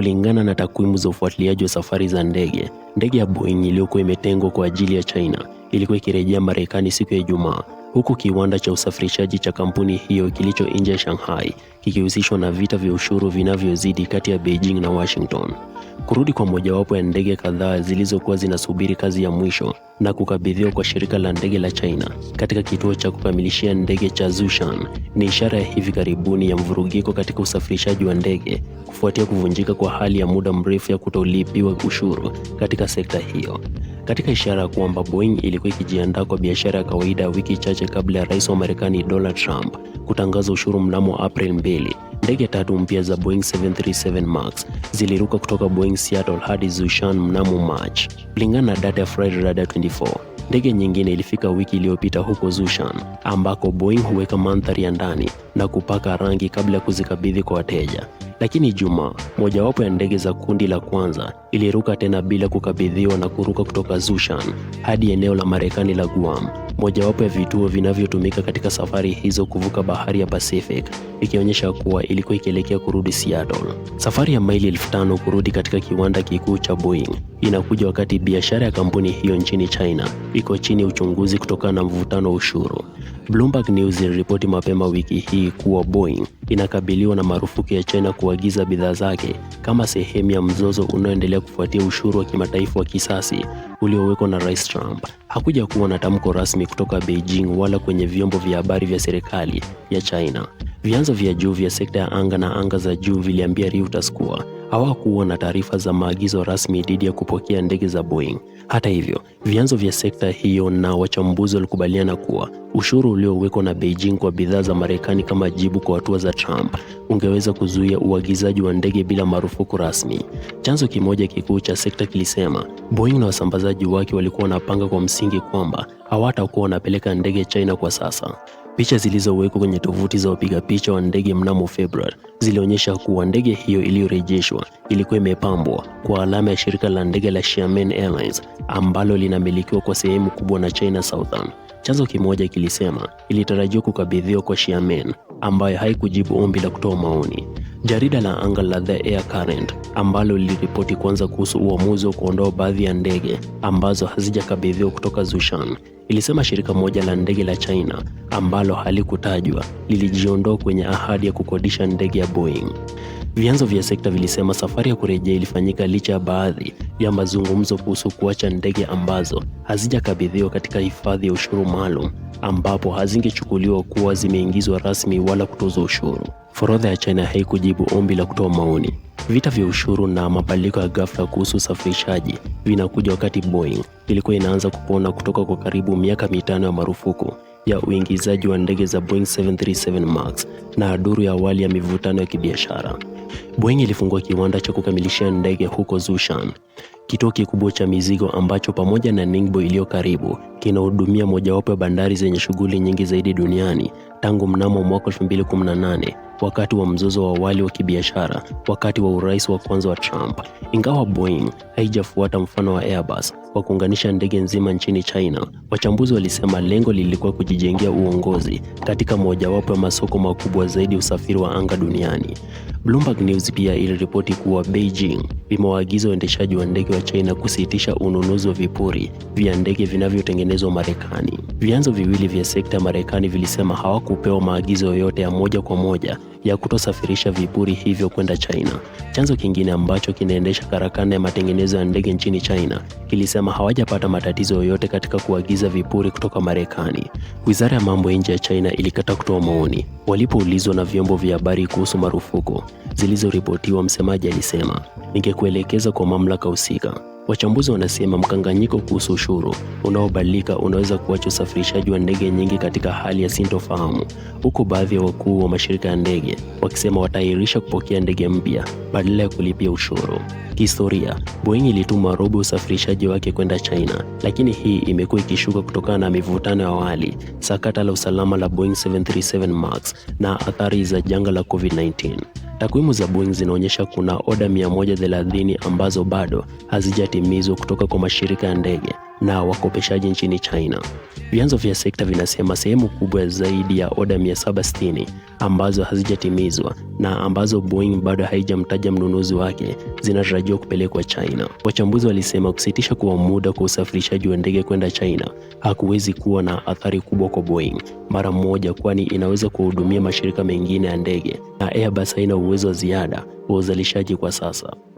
Kulingana na takwimu za ufuatiliaji wa safari za ndege, ndege ya Boeing iliyokuwa imetengwa kwa ajili ya China ilikuwa ikirejea Marekani siku ya Ijumaa huku kiwanda cha usafirishaji cha kampuni hiyo kilicho nje ya Shanghai kikihusishwa na vita vya ushuru vinavyozidi kati ya Beijing na Washington. Kurudi kwa mojawapo ya ndege kadhaa zilizokuwa zinasubiri kazi ya mwisho na kukabidhiwa kwa shirika la ndege la China katika kituo cha kukamilishia ndege cha Zhoushan ni ishara ya hivi karibuni ya mvurugiko katika usafirishaji wa ndege kufuatia kuvunjika kwa hali ya muda mrefu ya kutolipiwa ushuru katika sekta hiyo katika ishara ya kwamba Boeing ilikuwa ikijiandaa kwa biashara ya kawaida ya wiki chache kabla ya rais wa Marekani Donald Trump kutangaza ushuru mnamo April 2. Ndege tatu mpya za Boeing 737 Max ziliruka kutoka Boeing Seattle hadi Zhoushan mnamo March, kulingana na data ya Flight Radar 24. Ndege nyingine ilifika wiki iliyopita huko Zhoushan, ambako Boeing huweka mandhari ya ndani na kupaka rangi kabla ya kuzikabidhi kwa wateja. Lakini Juma, mojawapo ya ndege za kundi la kwanza, iliruka tena bila kukabidhiwa na kuruka kutoka Zushan hadi eneo la Marekani la Guam, mojawapo ya vituo vinavyotumika katika safari hizo kuvuka bahari ya Pacific, ikionyesha kuwa ilikuwa ikielekea kurudi Seattle. Safari ya maili elfu kurudi katika kiwanda kikuu cha Boeing inakuja wakati biashara ya kampuni hiyo nchini China iko chini ya uchunguzi kutokana na mvutano wa ushuru. Bloomberg News iliripoti mapema wiki hii kuwa Boeing inakabiliwa na marufuku ya China kuagiza bidhaa zake kama sehemu ya mzozo unaoendelea kufuatia ushuru wa kimataifa wa kisasi uliowekwa na Rais Trump. Hakuja kuwa na tamko rasmi kutoka Beijing wala kwenye vyombo vya habari vya serikali ya China. Vyanzo vya juu vya sekta ya anga na anga za juu viliambia Reuters kuwa hawakuwa na taarifa za maagizo rasmi dhidi ya kupokea ndege za Boeing. Hata hivyo, vyanzo vya sekta hiyo na wachambuzi walikubaliana kuwa ushuru uliowekwa na Beijing kwa bidhaa za Marekani kama jibu kwa hatua za Trump ungeweza kuzuia uagizaji wa ndege bila marufuku rasmi. Chanzo kimoja kikuu cha sekta kilisema Boeing na wasambazaji wake walikuwa wanapanga kwa msingi kwamba hawatakuwa wanapeleka ndege China kwa sasa. Picha zilizowekwa kwenye tovuti za wapiga picha wa ndege mnamo Februari zilionyesha kuwa ndege hiyo iliyorejeshwa ilikuwa imepambwa kwa alama ya shirika la ndege la Xiamen Airlines ambalo linamilikiwa kwa sehemu kubwa na China Southern. Chanzo kimoja kilisema ilitarajiwa kukabidhiwa kwa Xiamen ambayo haikujibu ombi la kutoa maoni. Jarida la anga la The Air Current ambalo liliripoti kwanza kuhusu uamuzi wa kuondoa baadhi ya ndege ambazo hazijakabidhiwa kutoka Zhoushan, ilisema shirika moja la ndege la China ambalo halikutajwa lilijiondoa kwenye ahadi ya kukodisha ndege ya Boeing. Vyanzo vya sekta vilisema safari ya kurejea ilifanyika licha ya baadhi ya mazungumzo kuhusu kuacha ndege ambazo hazijakabidhiwa katika hifadhi ya ushuru maalum ambapo hazingechukuliwa kuwa zimeingizwa rasmi wala kutozwa ushuru. Forodha ya China haikujibu ombi la kutoa maoni. Vita vya ushuru na mabadiliko ya ghafla kuhusu usafirishaji vinakuja wakati Boeing ilikuwa inaanza kupona kutoka kwa karibu miaka mitano ya marufuku ya uingizaji wa ndege za Boeing 737 Max na duru ya awali ya mivutano ya kibiashara. Boeing ilifungua kiwanda cha kukamilishia ndege huko Zhoushan, kituo kikubwa cha mizigo ambacho pamoja na Ningbo iliyo karibu kinahudumia mojawapo ya bandari zenye shughuli nyingi zaidi duniani tangu mnamo mwaka 2018 wakati wa mzozo wa awali wa kibiashara wakati wa urais wa kwanza wa Trump. Ingawa Boeing haijafuata mfano wa Airbus kwa kuunganisha ndege nzima nchini China, wachambuzi walisema lengo lilikuwa kujijengea uongozi katika mojawapo ya masoko makubwa zaidi usafiri wa anga duniani. Bloomberg News pia iliripoti kuwa Beijing imewaagiza waendeshaji wa ndege wa China kusitisha ununuzi wa vipuri vya ndege vinavyotengenezwa Marekani. Vyanzo viwili vya sekta ya Marekani vilisema hawakupewa maagizo yoyote ya moja kwa moja ya kutosafirisha vipuri hivyo kwenda China. Chanzo kingine ambacho kinaendesha karakana ya matengenezo ya ndege nchini China kilisema hawajapata matatizo yoyote katika kuagiza vipuri kutoka Marekani. Wizara ya mambo ya nje ya China ilikata kutoa maoni walipoulizwa na vyombo vya habari kuhusu marufuku zilizoripotiwa, msemaji alisema, ningekuelekeza kwa mamlaka husika. Wachambuzi wanasema mkanganyiko kuhusu ushuru unaobadilika unaweza kuacha usafirishaji wa ndege nyingi katika hali ya sintofahamu, huku baadhi ya wakuu wa mashirika ya ndege wakisema wataahirisha kupokea ndege mpya badala ya kulipia ushuru. Kihistoria, Boeing ilituma robo usafirishaji wake kwenda China, lakini hii imekuwa ikishuka kutokana na mivutano ya awali, sakata la usalama la Boeing 737 Max na athari za janga la COVID-19. Takwimu za Boeing zinaonyesha kuna oda 130 ambazo bado hazijatimizwa kutoka kwa mashirika ya ndege na wakopeshaji nchini China. Vyanzo vya sekta vinasema sehemu kubwa zaidi ya oda 760 ambazo hazijatimizwa na ambazo Boeing bado haijamtaja mnunuzi wake zinatarajiwa kupelekwa China. Wachambuzi walisema kusitisha kwa muda kwa usafirishaji wa ndege kwenda China hakuwezi kuwa na athari kubwa kwa Boeing mara moja, kwani inaweza kuhudumia mashirika mengine ya ndege na Airbus haina uwezo wa ziada wa uzalishaji kwa sasa.